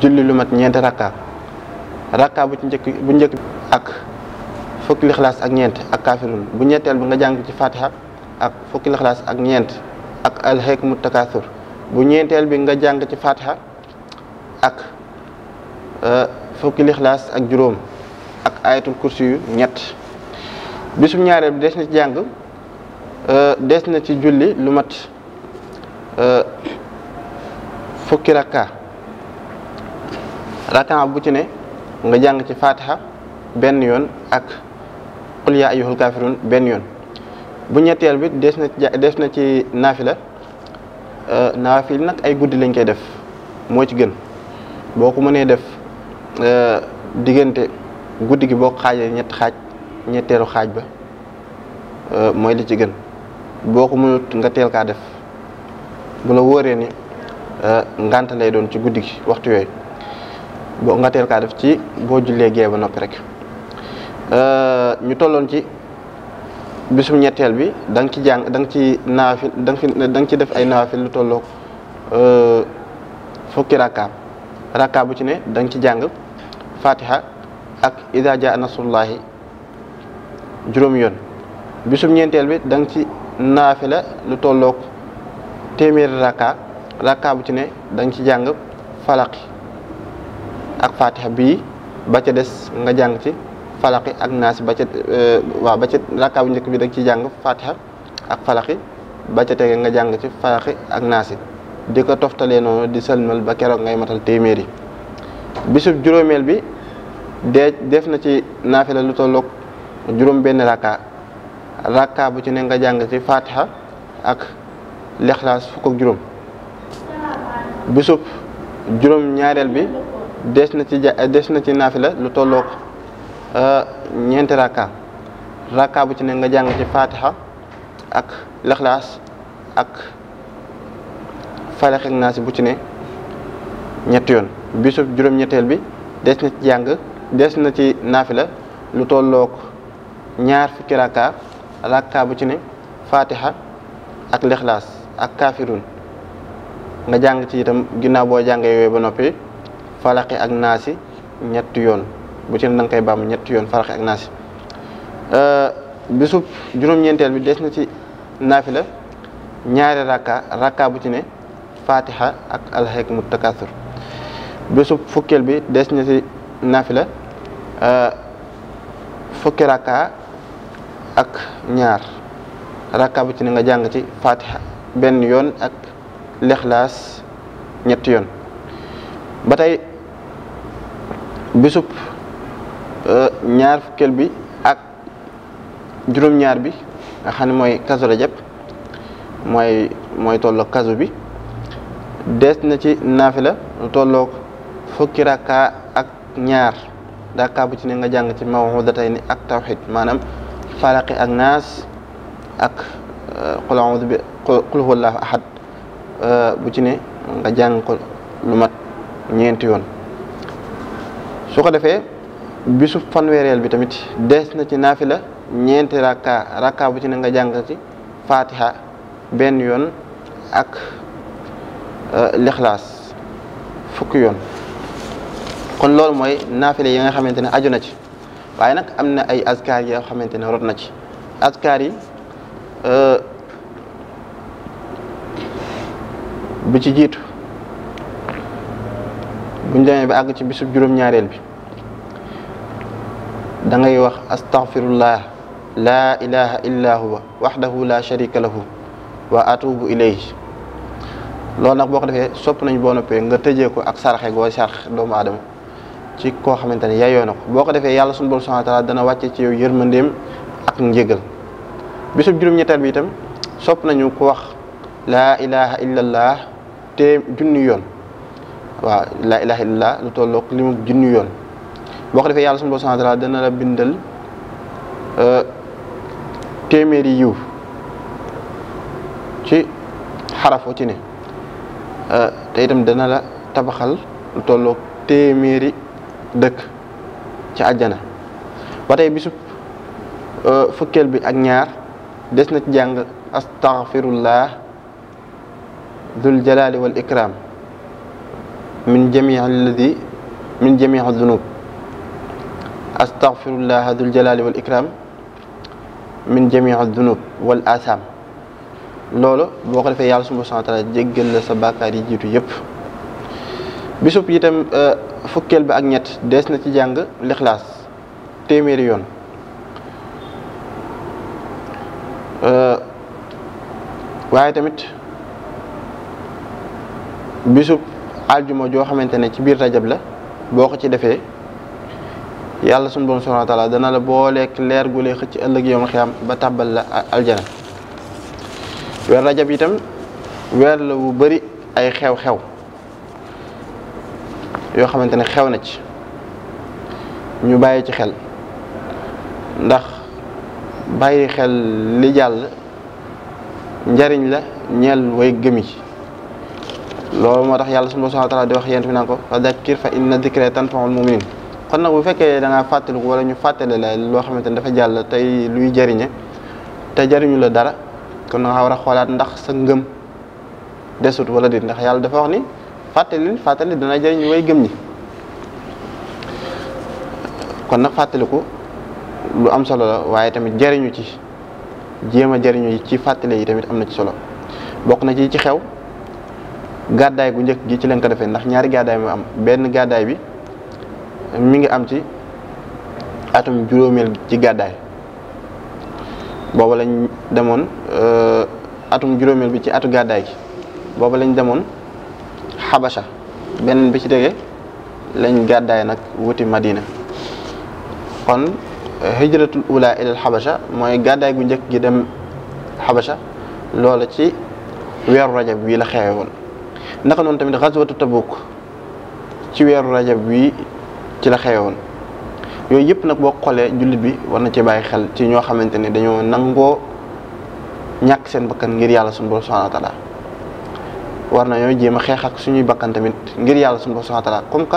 B: julli lu mat ñeenti rakka rakka bu ci njëkk bu njëkk ak fukki lixlaas ak ñeent ak kaafirun bu ñetteel jàng ci fatiha ak fukki ak ñeent ak alhaykumu takaasur bu ñeenteel bi nga jàng ci fatiha ak euh, fukki lixlaas ak juróom ak ayatul kursi yu ñett bisum ñaareel des na ci jàng euh, des na ci julli lu mat euh, fukki rakka rakka bu ci ne nga jàng ci faataxa benn yoon ak qul yaa ayyuhal kaafiruun benn yoon bu ñetteel bi des na des na ci naafila euh, naafil nag ay guddi lañ koy def moo ci gën boo ko mënee def euh, diggante guddi gi boo xaajee ñett xaaj ñetteelu xaaj ba euh, mooy li ci gën boo ko mënut nga teel kaa def bu la wóoree ni ngànt lay doon ci guddi gi waxtu yooyu boo nga teel kaa def ci boo jullee gee ba noppi rek ñu tolloon ci bisum ñetteel bi da nga ci jàng da ci naafil da fi da nga ci def ay naafil lu tolloog euh, fukki rakkaab rakkaab bu ci ne da ci jàng fatiha ak ida jaa nasrullahi bisum ñeenteel bi da nga ci lu tolloog téeméeri rakkaa rakkaa bu ci ne da ci jàng falaqi ak fatiha bii ba ca des nga jàng ci falaqi ak naas ba ca eh, waaw ba ca bu njëkk bi da nga ciy jàng fatiha ak falaqi ba nga jàng ci falaqi ak naas di ko toftalee noonu di sëlmal ba keroog ngay matal téeméer yi bisub juróomeel bi dee def na ci naafila la tolloog juróom benn rakkaa rakkaa bu ci ne nga jàng ci fatiha ak lexlaas fukk ak juróom bisub bi des na ci na ci naafila lu tollook Euh, ñeenti rakka rakka bu ci ne nga jàng ci fatiha ak lixlaas ak falaxek naasi bu ci ne ñett yoon bisub juróom-ñetteel bi des na ci jàng des na ci naafi la lu tollook ñaar fukki rakka rakka bu ci ne fatiha ak lixlaas ak kaafirun nga jàng ci itam ginnaaw boo jàngee yooyu ba noppi falaqi ak naasi ñetti yoon bu ci ne na nga koy bàmm ñetti yoon farax ak naasi euh, bisub juróom-ñeenteel bi des na ci naafila ñaari rakka rakka bu ci ne fatiha ak alhaykumut takaasur bisub fukkeel bi des na ci naafi la euh, fukki rakka ak ñaar rakka bu ci ne nga jàng ci fatiha benn yoon ak lexlaas ñetti yoon ba tey bisub ñaar fukkeel bi ak juróom-ñaar bi nga mooy kasu rajab mooy mooy tolloog kaso bi des na ci la lu tolloog fukki rakka ak ñaar rakka bu ci ne nga jàng ci mawudatayni ak tawxid maanaam falaqi naas ak euh, qul a'udhu euh, bu ci ne nga jàng ko lu mat ñeenti yoon su ko defee bisu fanweereel bi tamit des na ci naafila ñeenti rakka rakka bu ci ne nga jàng ci faatixa benn yoon ak euh, lixlaas fukk yoon kon loolu mooy naafila yi nga xamante ne aju na ci waaye nag am na ay askar yoo xamante ne rot na ci askar yi euh, bu ci jiitu buñ demee bi àgg ci bisu juróom-ñaareel bi da ngay wax astaghfirullah laa ilaha illa huwa waxdahu la sharika lahu wa atubu ilayhi loolu nag boo ko defee sopp nañ boo noppee nga tëjee ko ak saraxe goo sarax doomu adama ci koo xamante ne yaayoo na ko boo ko defee yàlla sunu borom subhanahu wa taala dana wàcce ci yow yërmandeem ak njégal bisub juróom-ñetteel bi itam sopp nañu ko wax laa ilaha illallah te junni yoon waaw laa ilaha illallah lu tollook limu junni yoon boo ko defee yàlla suñu subhaanahu wa dana la bindal euh, téeméeri yiw ci xarafo ci ne euh, te itam dana la tabaxal lu tolloog téeméeri dëkk ci àjjana ba tey bisub euh, fukkeel bi ak ñaar des na ci jàng astaghfirullah dul jalaali wal ikram min jamii alladi min jamii dunub astaghfirullah dul jalali wal ikram min jamii dunub wal asaam loolu boo ko defee yàlla subhaanahu wa taala jéggal la sa bàkkaar yi jiitu yëpp bisub itam euh, fukkeel bi ak ñett dees na ci jàng lixlaas téeméeri yoon euh, waaye tamit bisub aljuma joo xamante ne ci biir rajab la boo ko ci defee yàlla sunu borom subhaanahu wa taala dana la booleek leer gu lay xëcc ëllëg yowmal xiyaam ba tàbbal la aljana weer rajab itam weer la bu bëri ay xew-xew yoo xamante ne xew na ci ñu bàyyi ci xel ndax bàyyi xel li jàll njariñ la ñeel way gëmi yi loolu moo tax yàlla sunu borom subhaanahu wa taala di wax yent bi naan ko fa dakkir fa inna dikra tanfa'ul mu'minin kon nag bu fekkee da ngaa fàttaliku wala ñu fàttali la loo xamante ni dafa jàll tey luy jariñe te jariñu la dara kon a xoolaat ndax sa ngëm desut wala déet ndax yàlla dafa ni fàttali fàttali dana jariñu way gëm ñi kon nag fàttaliku lu am solo la waaye tamit jariñu ci jéem a jariñu ci fàttali yi tamit am na ci solo bokk na ci ci xew gàddaay gu njëkk gi ci leen ko defee ndax ñaari gàddaay moo am benn gàddaay bi mi ngi am ci atum juróomeel ci gàddaay booba lañ demoon euh, atum juróomeel bi ci atu gàddaay gi booba lañ demoon xabasa benn bi ci dege lañ gàddaay nag wuti madina kon hijratul ula ilal xabasa mooy gàddaay gu njëkk gi dem xabasa loola ci weeru rajab wii la xewe woon naka noonu tamit xaswatu tabuk ci weeru rajab bii ci la xewoon yooyu yëpp nag boo xoolee jullit bi war na ci bàyyi xel ci ñoo xamante ne dañoo nangoo ñàkk seen bakkan ngir yàlla suñu borom subhanahu wa taala war na ñoo jéem a xeex suñuy bakkan tamit ngir yàlla suñu borom subhanahu wa taala comme que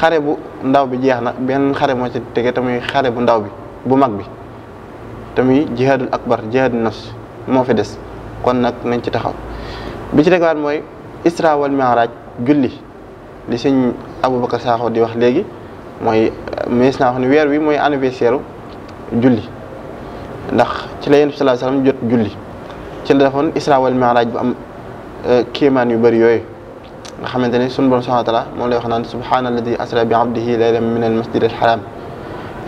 B: xare bu ndaw bi jeex na benn xare moo ci tege tamuy xare bu ndaw bi bu mag bi tamuy jihaadul akbar jihaadul nafs moo fi des kon nag nañ ci taxaw bi ci tegaat mooy isra julli li sëñ Aboubacar Sakho di wax léegi mooy mees naa wax ne weer wi mooy anniversaire julli ndax ci la yonent bi jot julli ci la defoon isra wal bu am e, kiimaan yu bëri yooyu nga xamante ne sunu borom subhanahu wa ta'ala moom lay wax naan subhanalladhi asra bi 'abdihi laylan min al-masjid al-haram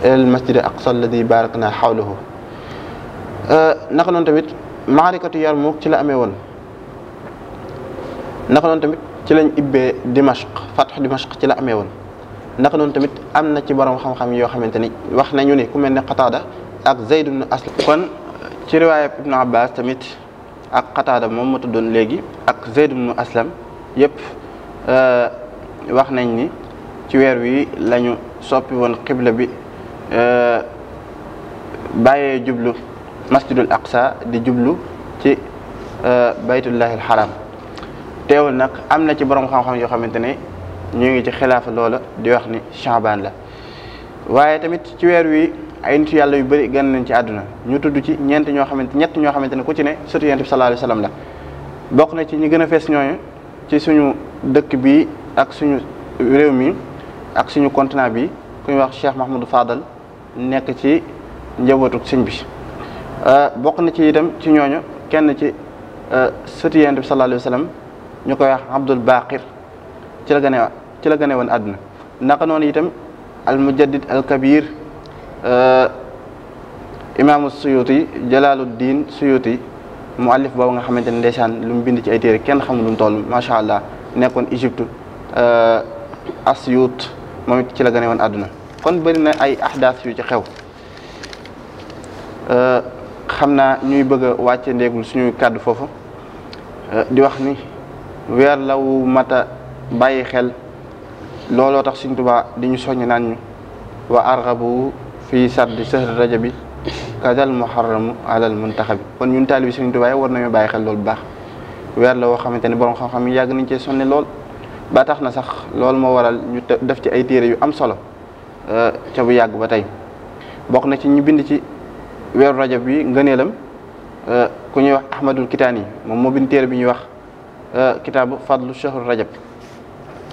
B: ila al-masjid al-aqsa alladhi barakna hawlahu e, naka noonu tamit maarikatu Yarmuk ci la amee woon naka noonu tamit ci lañ ibbee Dimashq fatxu Dimashq ci la amee woon naka noonu tamit am na ci borom xam-xam yoo xamante ni wax nañu ni ku mel ni Qataada ak Zayd ibn Aslam kon ci riwaayab Ibnu Abbas tamit ak Qataada moom ma doon léegi ak Zayd ibn Aslam yëpp euh, wax nañ ni ci weer wi lañu soppi woon xibla bi euh, bàyyee jublu masjidul aqsa di jublu ci euh, baytullahil haram teewul nag am na ci borom xam-xam yoo xamante ne ñu ngi ci xilaafa loola di wax ni Chaabaan la waaye tamit ci weer wi ay nitu yàlla yu bëri gën nañ ci àdduna ñu tudd ci ñeent ñoo xamante ñett ñoo xamante ne ku ci ne surtout yonent bi sallallahu alayhi la bokk na ci ñi gën a fees ñooñu ci suñu dëkk bi ak suñu réew mi ak suñu continent bi ku ñuy wax Cheikh Mahmoud Fadal nekk ci njabootu sëñ bi euh, bokk na ci itam ci ñooñu kenn ci euh, surtout yonent bi sallallahu ñu koy wax Abdul Baqir ci la gane ci la gane woon naka noonu itam al mujaddid al kabir euh, imaamu diin jalaaluddin mu muallif boobu nga xamante ne ndeysaan lu mu bind ci ay téere kenn xamul lu mu toll macha allah nekkoon Égypte euh, Asyut moom it ci la gane woon àdduna kon bëri na ay ahdaas yu ci xew euh, xam naa ñuy bëgg a wàcce ndéegul suñuy kàddu foofu di wax ni weer lawu mata bàyyi xel looloo tax Sëriñ Tuubaa di ñu soññ naan ñu wa argabu fii sardi sahri rajabi kadal muharramu alal muntaxabi kon ñun taalibi Sëriñ Tuubaa war nañu bàyyi xel loolu bu baax weer la woo xamante ne borom xam-xam yi yàgg nañ cee sonne lool ba tax na sax loolu moo waral ñu def ci ay téere yu am solo euh, ca bu yàgg ba tey bokk na ci ñu bind ci weeru rajab bi ngëneelam euh, ku ñuy wax ahmadul yi moom moo bind téere bi ñuy wax Euh, kitaabu fadlu shahru rajab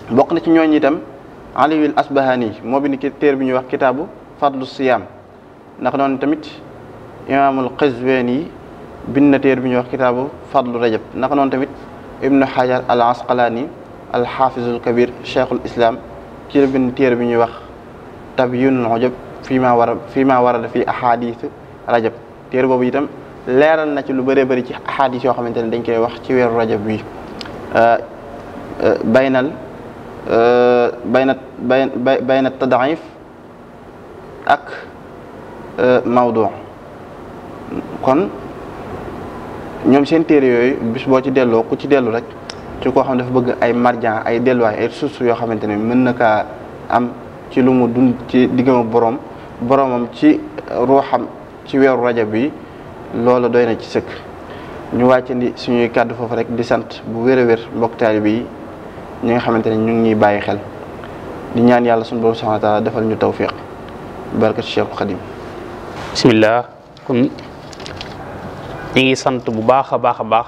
B: bokk na ci ñooñu itam aliwil asbahani moo bind téere bi ñuy wax kitaabu fadlu siyaam ndax noonu tamit imaamul qazween yi bind na téere bi ñuy wax kitaabu fadlu rajab ndax noonu tamit ibnu hajar al asqalaani al xaafizul kabir cheikhul islam ci bind téere bi ñuy wax tabyinul ujub fii maa war a fii maa warada fii ahadiisu rajab téere boobu itam leeral na ci lu bëree bëri ci ahadis yoo xamante ne dañ koy wax ci weeru rajab bii baynal bayna bay bayna tadaif ak mawdu kon ñoom seen téere yooyu bis boo ci delloo ku ci dellu rek ci koo xam dafa bëgg ay marjan ay delluwaay ay source yoo xamante ne mën na kaa am ci lu mu dund ci diggam boroom boroomam ci ruuxam ci weeru rajab bi loolu doy na ci sëkk ñu wàccandi suñuy kàddu foofu rek di sant bu wér a wér mbokk taalibe yi ñi nga xamante ne ñu ngi ñuy bàyyi xel di ñaan yàlla suñu borom subhaanahu defal ñu tawfiq barkat Cheikh Xadim
A: bismillah kon ñu ngi sant bu baax a baax a baax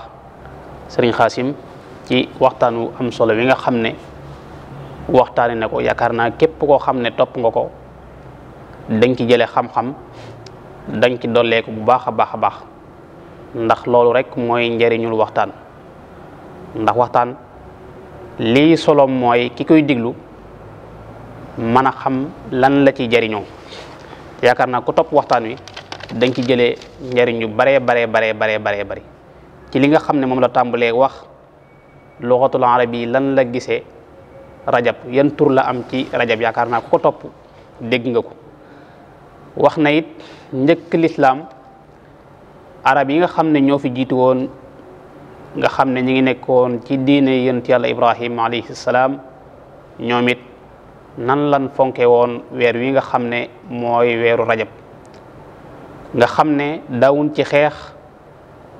A: sëriñ Xaasim ci waxtaanu am solo bi nga xam ne waxtaane na ko yaakaar naa képp koo xam ne topp nga ko dañ ci jële xam-xam dañ ci dolleeku bu baax a baax a baax ndax loolu rek mooy njariñul waxtaan ndax waxtaan lii solom mooy ki koy diglu mën a xam lan la ci jariñoo yaakaar na ko topp waxtaan wi dañ ci jële njariñ yu baree baree baree baree baree bari ci li nga xam ne moom la tàmbalee wax luxatul arab yi lan la gisee rajab yan tur la am ci rajab yaakaar naa ko ko topp dégg nga ko wax na it njëkk lislaam arab yi nga xam ne ñoo fi jiitu woon nga xam ne ñi ngi nekkoon ci diine yonent yàlla ibrahim alayhi salaam ñoom it nan lan fonke woon weer wi nga xam ne mooy weeru rajab nga xam ne daawun ci xeex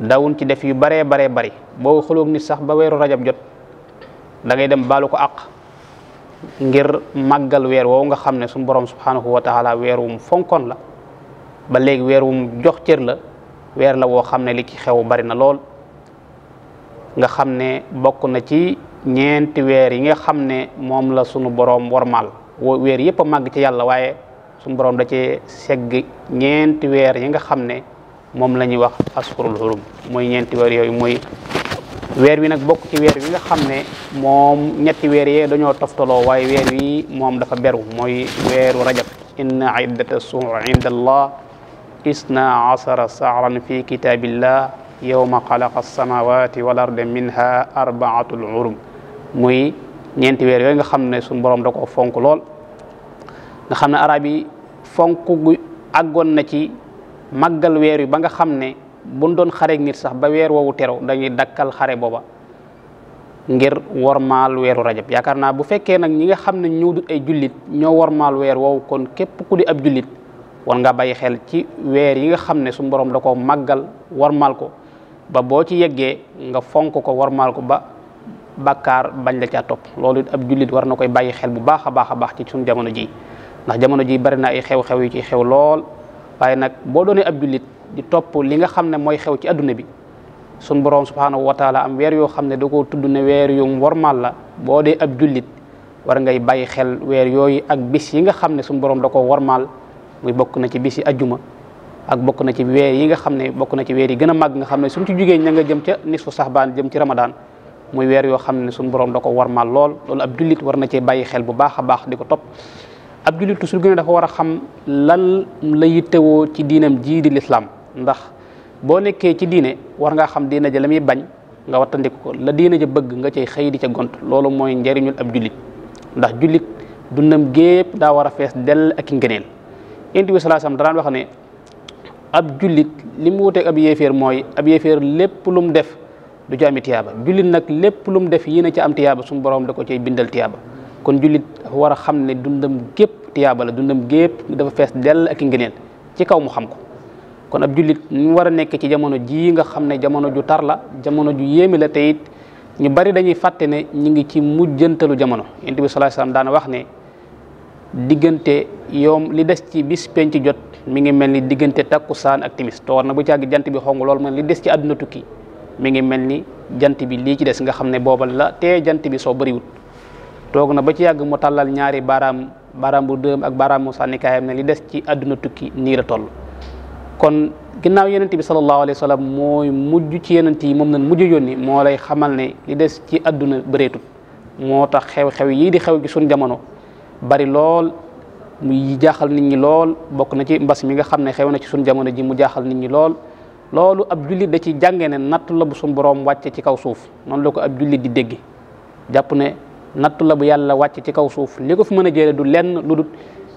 A: daawun ci def yu baree baree bari boo xuloog sax ba weeru rajab jot dangay dem baalu ko àq ngir màggal weer woowu nga xam ne suñu borom subhanahu wa weer wum fonkoon la ba léegi weer wum jox cër la weer la woo xam ne li ci xew bari na lool nga xam ne bokk na ci ñeenti weer yi nga xam ne moom la sunu boroom wormaal weer yëpp a màgg ci yàlla waaye sunu boroom da cee segg ñeenti weer yi nga xam ne moom la ñuy wax asfurul xurum mooy ñeenti weer yooyu mooy weer wi nag bokk ci weer wi nga xam ne moom ñetti yee dañoo toftaloo waaye moom dafa beru mooy weeru rajab inna iddata suu inda isna asara saaran fi kitaabillah yowma xalaqa alsamawati wal arda minha arbaatul urum muy ñeenti weer yooyu nga xam ne suñu boroom da ko fonk lool nga xam ne arab yi fonk gu àggoon na ci màggal weer yi ba nga xam ne buñ doon xareek nit sax ba weer woowu tero dañuy dakkal xare booba ngir wormaal weeru rajab yaakaar naa bu fekkee nag ñi nga xam ne ñëw ay jullit ñoo wormaal weer woowu kon képp ku di ab jullit war nga bàyyi xel ci weer yi nga xam ne suñu borom da ko màggal warmal ko ba boo ci yeggee nga fonk ko warmal ko ba bakkaar bañ la caa topp loolu ab jullit war na koy bàyyi xel bu baax a baax a baax ci suñu jamono ji ndax jamono ji bari na ay xew-xew yu ci xew lool waaye nag boo doonee ab jullit di topp li nga xam ne mooy xew ci adduna bi suñ borom subhanahu wa taala am weer yoo xam ne da koo tudd ne weer yu warmal la boo dee ab ngay bàyyi xel weer yooyu ak bis yi nga xam ne suñu da ko warmal muy bokk na ci bisi ajjuma ak bokk na ci weer yi nga xam ne bokk na ci weer yi gën a màgg nga xam ne suñ ci jugee ña nga jëm ca nisfu saxbaan jëm ci ramadan muy weer yoo xam ne suñ borom da ko war maal lool loolu ab jullit war na cee bàyyi xel bu baax a baax di ko topp ab jullit su gën a dafa war a xam lan la yittewoo ci diinam jii di lislaam ndax boo nekkee ci diine war ngaa xam diina ja la muy bañ nga wattandiku ko la diina ja bëgg nga cay xëy di ca gont loolu mooy njariñul ab jullit ndax jullit dundam g daa war a fees dell ak i ngëneel indi bi salaasam daraan wax ne ab jullit li mu wuteeg ab yéeféer mooy ab yéeféer lépp lu mu def du ci ami tiyaaba jullit nag lépp lu mu def yéen a ci am tiyaaba suñu borom da ko cay bindal tiyaaba kon jullit dafa war a xam ne dundam gépp tiyaaba la dundam gépp dafa fees dell ak ngeneen ci kaw mu xam ko kon ab jullit mu war a nekk ci jamono jii nga xam ne jamono ju tar la jamono ju yéemi la te it ñu bari dañuy fàtte ne ñu ngi ci mujjantalu jamono yonent bi sallallahu wax ne diggante yoom li des ci bis penc jot mi ngi mel ni diggante takkusaan ak timis te nag na bu càgg jant bi xong lool man li des ci àdduna tukki mi ngi mel ni jant bi lii ci des nga xam ne boobal la te jant bi soo bëriwut toog na ba ci yàgg mu tàllal ñaari baaraam baaraam bu dëm ak baaraam mu sànnikaayam ne li des ci àdduna tukki nii la toll kon ginnaaw yonent bi sallallahu alayhi wa sallam mooy mujj ci yonent yi moom nañ mujj yónni moo lay xamal ne li des ci àdduna bëreetut moo tax xew-xew yii di xew ci suñ jamono bari lool mu jaaxal nit ñi lool bokk na ci mbas mi nga xam ne xew na ci suñ jamono ji mu jaaxal nit ñi lool loolu ab jullit da ci jàngee ne nattu la bu suñ boroom wàcce ci kaw suuf noonu la ko ab jullit di dégg jàpp ne nattu la bu yàlla wàcce ci kaw suuf li ko fi mën a jële du lenn lu dul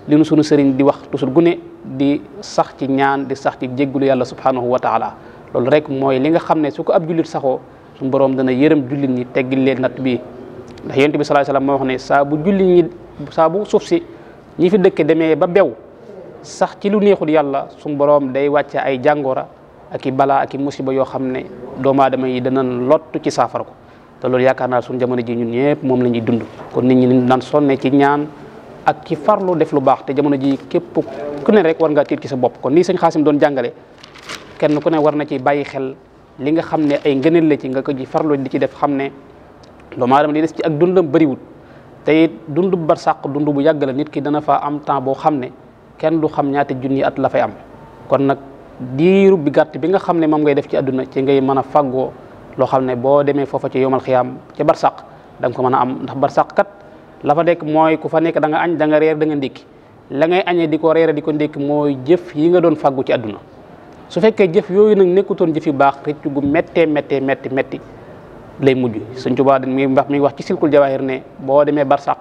A: li nu sunu sëriñ di wax tusul gune di sax ci ñaan di sax ci jéggulu yàlla subhanahu wa taala loolu rek mooy li nga xam ne su ko ab jullit saxoo suñ boroom dana yërëm jullit ñi teggil leen natt bii ndax yonent bi sallallahu alayhi wasallam moo wax ne saa bu julli ñi saabu bu suuf si ñi fi dëkk demee ba bew sax ci lu neexul yàlla suñu borom day wàcce ay jàngora ak i balaa ak i musiba yoo xam ne doomu adama yi dana lot ci saafara ko te loolu yaakaar naa suñu jamono ji ñun ñëpp moom la ñuy dund kon nit ñi dañ daan sonne ci ñaan ak ci farlu def lu baax te jamono ji képp ku ne rek war ngaa tiit ci sa bopp kon nii sëñ Xaasim doon jàngale kenn ku ne war na ci bàyyi xel li nga xam ne ay ngëneel la ci nga ko ji farlu di ci def xam ne doomu aadama li des ci ak dundam bëriwul te it dund barsàq dund bu yàgg la nit ki dana fa am temps boo xam ne kenn du xam ñaata junni at la fay am kon nag diiru bi gàtt bi nga xam ne moom ngay def ci àdduna ci ngay mën a fàggoo loo xam ne boo demee foofa ci yomal xiyaam ca barsàq da nga ko mën a am ndax barsàq kat la fa nekk mooy ku fa nekk da nga añ da nga reer danga ndikki ndékki la ngay añee di ko reere di ko ndékki mooy jëf yi nga doon fàggu ci àdduna su fekkee jëf yooyu nag nekkutoon jëf yu baax rëcc gu méttee méttee métti métti lay mujj Sëñ Tuubaa mi wax mi ngi wax ci silkul jawaahir ne boo demee barsàq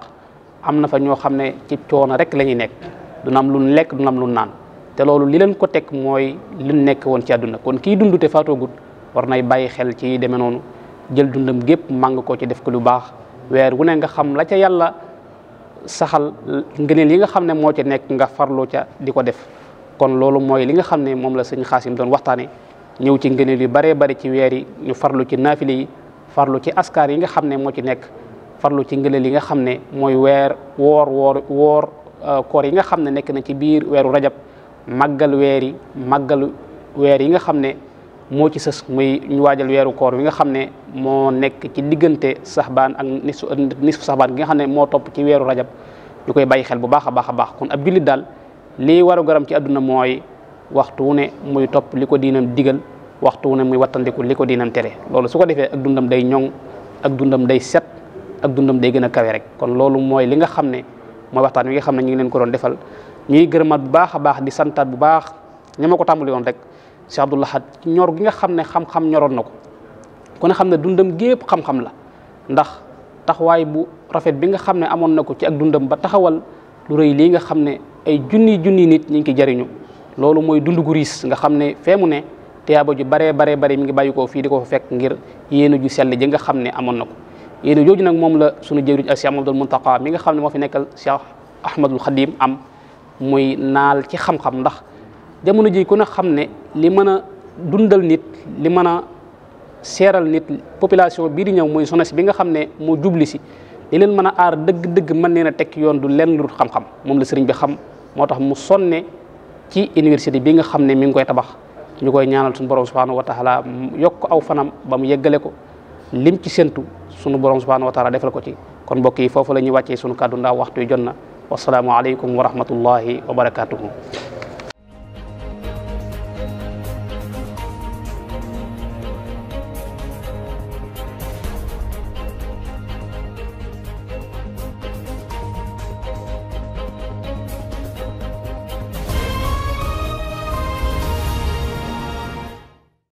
A: am na fa ñoo xam ne ci coono rek la ñuy nekk duna am lu lekk duna lu naan te loolu li leen ko teg mooy li nekk woon ci àdduna kon kii dund te faatoogut war nay bàyyi xel ci demee noonu jël dundam gépp màng ko ci def ko lu baax weer wu ne nga xam la ca yàlla saxal ngëneel yi nga xam ne moo ci nekk nga farlu ca di ko def kon loolu mooy li nga xam ne moom la sëñ Xaasim doon waxtaane ñëw ci ngëneel yu baree bari ci weer yi ñu farlu ci naafile yi farlu ci askar yi nga xam ne moo ci nekk farlu ci ngëleel yi nga xam ne mooy weer woor woor woor euh, koor yi nga xam ne nekk na ci biir weeru rajab màggal weer yi màggal weer yi nga xam ne moo ci sës muy ñu waajal weeru koor wi nga xam ne moo nekk ci diggante saxbaan ak nisfu nisfu saxbaan gi nga xam ne moo topp ci weeru rajab ñu koy bay xel bu baax a baax a baax kon ab jullit daal lii waru ci àdduna mooy waxtu wu ne muy topp li ko diinam diggal waxtu ne muy wattandiku li ko diinam tere loolu su ko defee ak dundam day ñoŋ ak dundam day set ak dundam day gën a kawe rek kon loolu mooy li nga xam ne mooy waxtaan wi nga xam ne ñu ngi leen ko doon defal ñuy gërëmaat bu baax a baax di santaat bu baax ña ko tàmbali woon rek Cheikh Abdou Lahad ñor gi nga xam ne xam ñoroon na ko kon ne xam ne dundam gépp xam-xam la ndax taxawaay bu rafet bi nga xam ne amoon na ko ci ak dundam ba taxawal lu rëy lii nga xam ne ay junni junni nit ñi ngi koy jariñu loolu mooy dund gu riis nga xam ne fee mu ne tiyaaba ju baree baree bari mu ngi bàyyi koo fii di ko fekk ngir yéenu ju sell ji nga xam ne amoon na ko yéenu jooju nag moom la sunu jëwriñ ak Cheikh Mamadou Muntaqa mi nga xam ne moo fi nekkal Cheikh Ahmadul Xadim am muy naal ci xam-xam ndax jamono ji kon ne xam ne li mën a dundal nit li mën a seeral nit population bii di ñëw mooy sones bi nga xam ne moo jubli si li leen mën a aar dëgg-dëgg mën leen a tekk yoon du len lu xam-xam moom la sëriñ bi xam moo tax mu sonne ci université bi nga xam ne mi ngi koy tabax ñu koy ñaanal suñu borom subhanahu wa taala yokk aw fanam ba mu yeggale ko lim ci séntu sunu borom subhanahu wa taala defal ko ci kon mbokk yi foofu la ñuy wàccee sunu kàddu ndaw waxtu yi jot na wasalaamualeykum wa rahmatullahi wa barakatuhu